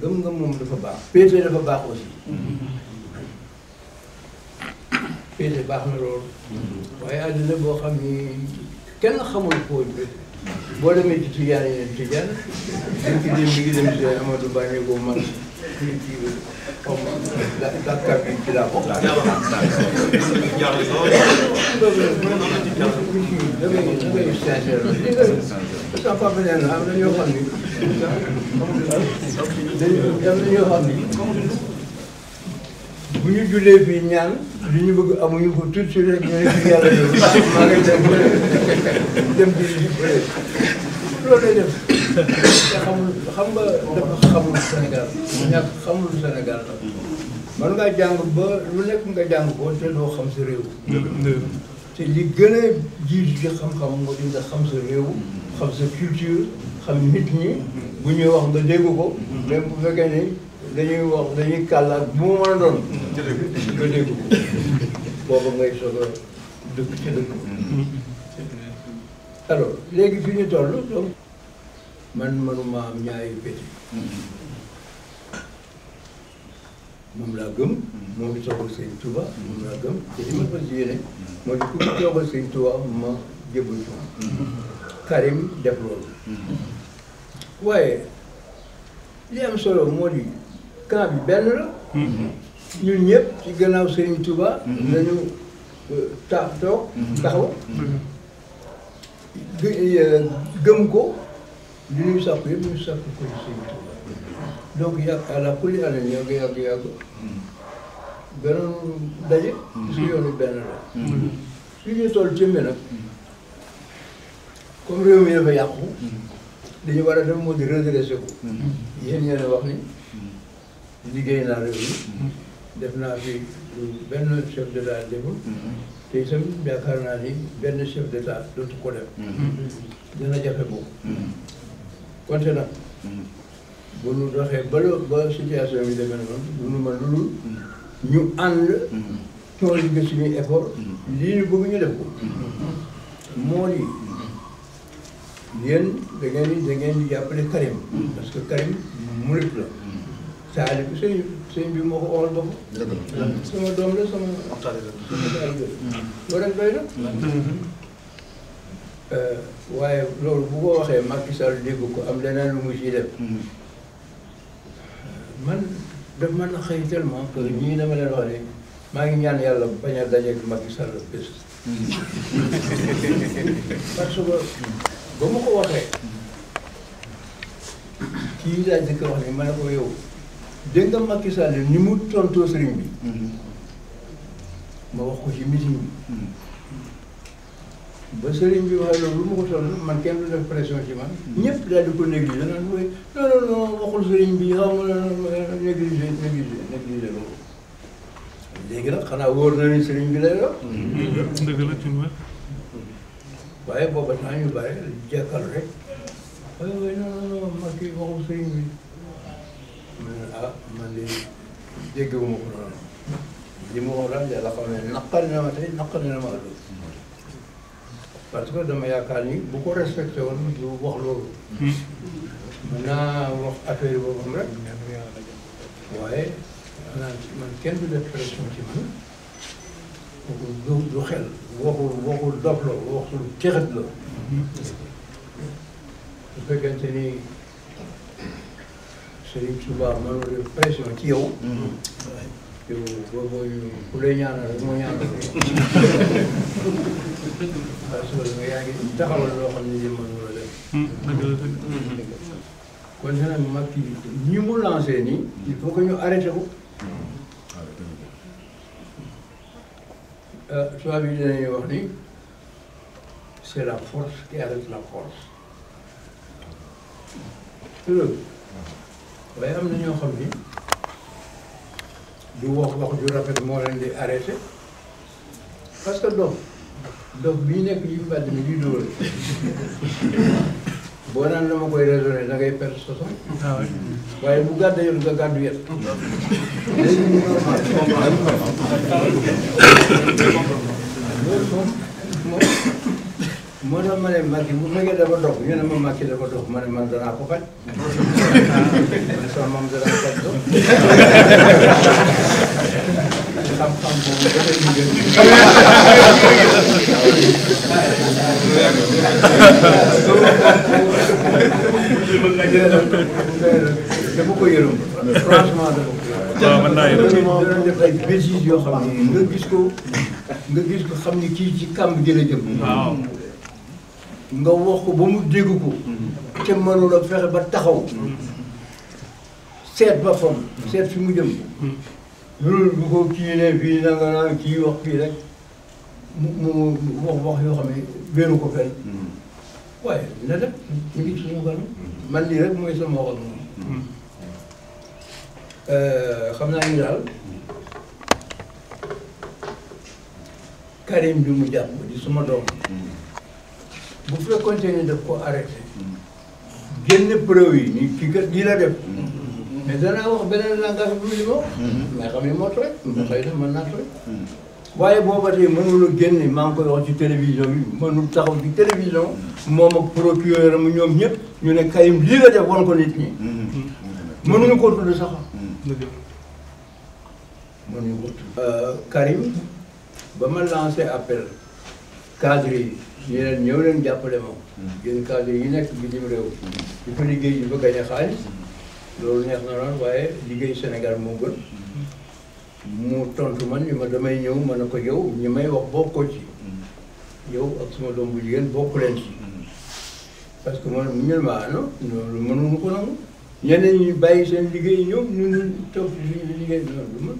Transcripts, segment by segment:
gëm-gëm moom dafa baax péete dafa baax aussi péete baax na loolu waaye àddina boo xam ni kenn xamul foo boo demee ci tijaan yi ne tijaan ci dem bi ngi dem ci Amadou Ba ne boobu man fii ci xaw ma dakar bi ci laa bokk da ngay da ngay sincère sa papa nee na am xam ni dañuy bu ñu jullee fii ñaan li ñu bëgg amuñu ko tout de suite rek fi yàlla ñëw maa ngi dem dem bi loolu lay def xam nga dafa xamul Sénégal ñàkk xamul Sénégal la man ngaa jàng ba lu nekk nga jàng ko te doo xam sa réew te li gën a xam-xam moo di nga xam sa réew xam sa culture xam nit ñi bu ñuy wax nga dégg ko même bu fekkee ni dañuy wax dañuy kàllaat ak bu mu mën a doon nga dégg ko boobu ngay soog a dëkk ci dëkk alors léegi fi ñu toll donc man manuma am ñaari péti moom laa gëm moo fi soxal sëñ Tuba moom laa gëm te li ma fas yéene mooy ku fi soxal sëñ Tuba ma jébbalu Karim def loolu waaye li am solo moo di camp bi benn la ñun ñëpp ci gannaaw Serigne Touba dañu euh, ta toog taxaw euh, gëm ko li ñuy sàkku yëpp ñu sàkku ko ci Serigne Touba donc yàgg àla kulli àll yàgg yàgg yàgg beneen daje su yoonu benn la su ñu toll jëmbe nag comme réew mi dafa yàqu li war a def moo di redressé ko mm-hmm. yéen yéen wax ni mm-hmm. liggéey naa réew mi mm-hmm. def naa fi benn chef d'état deful te itam yaakaar naa ni benn chef d'état dootu ko def dina jafe boobu konte nag bu nu doxee ba lo ba situation bi demee noonu bu nu ma lulul ñu ànd tool yi suñuy effort lii ñu ñu def ko moo lii yéen da ngeen di da ngeen di jàppale Karim. parce que Karim murit la. Saalif sëñ sëñ bi moo ko ool ba ko. sama doom la sama. loolu rek doy na. Euh, waaye loolu bu ko waxee Macky Sall dégg ko am leneen lu mu ciy def. man daf man a xëy tellement que ñii dama leen wax léegi maa ngi ñaan yàlla bañ a dajeeg Macky ba ma ko waxee kii laa njëkk wax ne ma ne yow dégg nga Macky Sall ni mu tontoo sëriñ bi ma wax ko ci meeting bi ba sëriñ bi waxee loolu lu ma ko toll man kenn du def pression ci man ñëpp daal di ko négligé naan mooy non non waxul sëriñ bi xaw ma négligé négligé négligé loolu léegi nag xanaa wóor na ni sëriñ bi lay wax waaye booba temps ñu ba jekkal rek waaye waaye non non ma kii waxu sëñ bi man ah man de ma ko noonu li ma waxoon daal yàlla xam ne na ma tey naqari na ma ëllëg parce que dama yaakaar ni bu ko respecté woon du wax loolu mën naa wax affaire boppam rek waaye man kenn du def pression ci man du du xel waxul waxul dof la waxul cëxat la su fekkente ni Serigne Touba mënul def pression ci yow. Mm-hmm. yow boobu ku lay ñaanal rek moo ñaanal parce que yaa ngi taxawal loo xam ne nii mënul a def. Mm-hmm. Mm-hmm. kon nag mag yi ñi mu lancé nii. il faut que ñu arrêté ko. Euh, tubaab yi dinañuy wax ni c'est la force qui la force loolu waaye am na ñoo xam ni du wax wax ju rafet moo leen di arrêté parce que dof dof bii nekk yi mbàdd mi di dóor boo naan dama koy raisonné da ngay perte sa soxla. Ah, waaye bu gàddee yoon nga gàddu yet. léegi ñu normal. loolu moom moom moo tax ma ne Macky bu fekkee dafa dox ñu ne ma Macky dafa dox ma ne man danaa ko faj. man sama maam danaa faj dox. xam-xam boobu dafay dama ko yërëm franchement dama ko ay yoo xam ne nga gis ko nga gis ko xam ne kii ci kàmb gi jëm. nga wax ko ba mu dégg ko. te mënul fexe ba taxaw. seet ba fam seet fi mu jëm. loolu bu ko kii ne fii nanga naan kii wax fii rek. mu mu wax wax yoo xam ne wéeru ko fenn. Hmm. waaye la nag ñu ngi suñu kanam hmm. man lii rek mooy sama waxoon moom. Hmm. Euh, xam naa ni daal Karim bi mu jàpp di suma doom. bu fekkoon ne daf ko arrêté. génn preuve yi ni kii kat lii la def. mais danaa wax beneen langage bu mu li mais xam ne moo tooy. xëy na mën naa tooy. waaye booba tey mënul génn génne maa ngi koy wax ci télévision bi mënul taxaw ci télévision moom ak procureur am ñoom ñëpp ñu ne Karim lii la def wan ko nit ñi mënuñu ko tudd sax mënuñu ko tudd euh, Karim ba ma lancé appel cadre yi ñu leen ñëw leen jàppale moom yéen cadre yi nekk bitim réew di fa liggéey di fa gañ a xaalis loolu neex na lool waaye liggéey Sénégal moo gën mu tontu man ni ma damay ñëw ma ne ko yow ñi may wax bokkoo ci mm. yow ak suma doom bu jigéen bokku leen ci mm. parce que man mu ñëw ma ah non loolu mënuñu ko nangu ñeneen ñi bàyyi seen liggéey ñoom ñu ñu toog ci liggéey noonu ma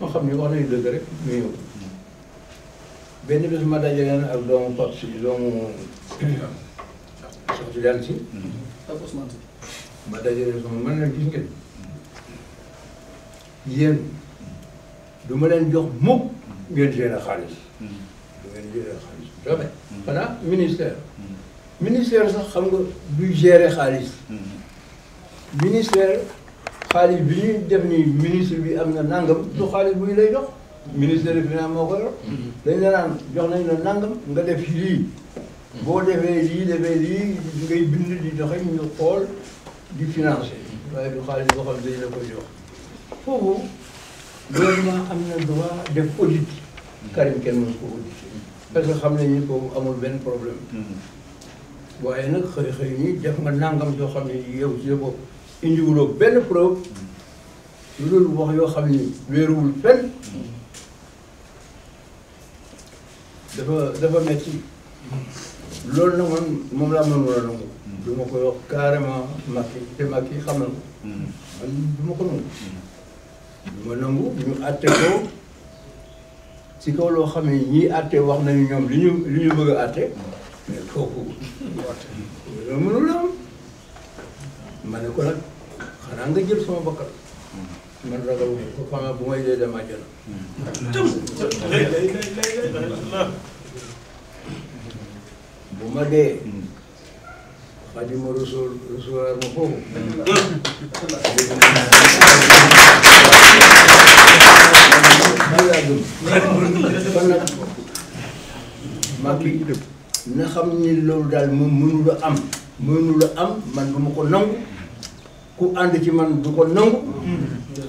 ma xam ne wax nañu dëgg rek ñu ñëw benn daje leen ak doomu Pape si doomu si. Mm. ma daje leen sama man nag gis ngeen yéen. du ma leen jox mukk ngeen gérer xaalis du ngeen gérer xaalis jamais xanaa ministère ministère sax xam nga du gérer xaalis ministère xaalis bi ñuy def ni ministre bi am na nangam du xaalis bu ñu lay dox ministère des finances moo ko yor dañ la naan jox nañ la nangam nga def lii boo defee lii defee lii ngay bind di doxe ñu xool di financer waaye du xaalis boo xam dañ la koy jox foofu gouvernement am na droit def audit Karim kenn mën ko audité parce que xam nañu ko amul benn problème mm-hmm. waaye nag xëy xëy ñi def nga nangam yoo xam ne yow ci bopp indiwuloo benn preuve mm-hmm. lu dul wax yoo xam ne wéeruwul fenn mm-hmm. dafa dafa metti loolu na moom laa mën a nangu du ma koy wax carrément te Macky xam na ko man ko nangu du ma nangu ñu àtte ko ci kaw loo xam ne ñii àtte wax nañu ñoom li ñu li ñu bëgg a àtte mais kooku loolu mënul am ma ne ko nag xanaa nga jël sama bakkan man ragal bu may dee dem àjjana bu ma dee Xaadimu Rasuul recevoir ma foofu na xam ni loolu daal moom mënu am mënu am man du ko nangu ku ànd ci man du ko nangu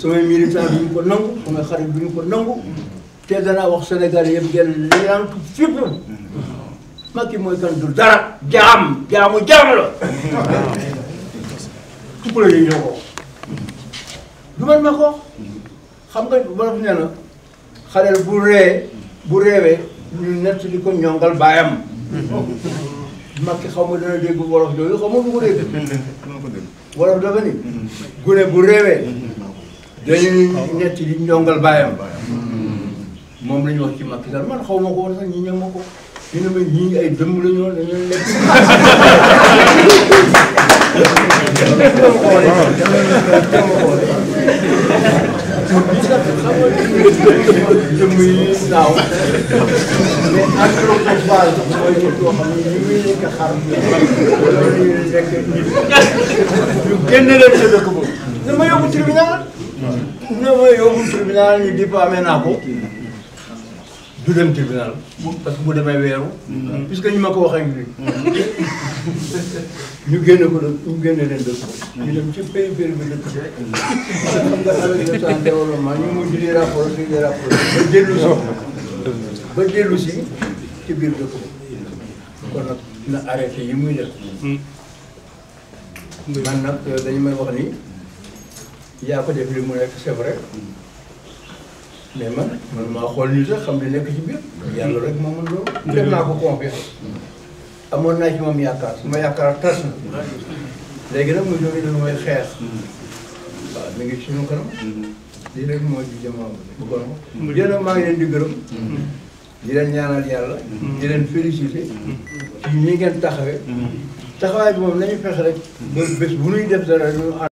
samay militant du ñu ko nangu sama xarit du ñu ko nangu te danaa wax Sénégal yëpp gel lank fépp Macky mooy kan du dara jaam jaamu jaam la. tuppale yi ñoo du man ma ko xam nga borom nee na xaleel bu ree bu reewee ñu nett li ko ñongal baayam Macky xaw ma dana dégg wolof yooyu xaw ma bu ko dégg wolof dafa ni gune bu reewee dañuy baayam mm. moom la ñu wax ci Macky daal man xaw ma ko woon sax ñi ko ñu ne ma ñii ay dëmm la ñu woon dañu lekk. jëmm yi naaw mais anthropophagie mooy nit yoo xam ne ñu ngi lekk xar wala ñu lekk nit ñu génn leen sa dëkk boobu. na ma yóbbu tribunal. na ma yóbbu tribunal ñu dippamee naa ko. du dem tribunal. parce que bu demee weeru. Mm-hmm. puisque ñu ma ko wax mm-hmm. ak ñu génn ko ñu génne leen dëkk mm-hmm. ñu dem ci pays bi dëkk bi ba dellu si. ba dellu si ci biir dëkk bi. kon nag na arrêté yi muy def. man nag dañu may wax ni yaa ko def li nekk c'est mais man man maa xool ñu sax xam ne nekk ci biir. yàlla rek moo mën loolu. def naa ko confiance. amoon naa ci moom yaakaar su ma yaakaar tas na. léegi nag mu jógee dina mooy xeex. waaw mi ngi suñu kanam. lii rek moo ci jëmaamu mu jënd maa ngi leen di gërëm. Mm-hmm. di leen ñaanal yàlla. Mm-hmm. di leen félicité. Mm-hmm. ci ñi ngeen taxawee. taxawaay bi moom nañu fexe rek. ba bés bu nuy def dara ñu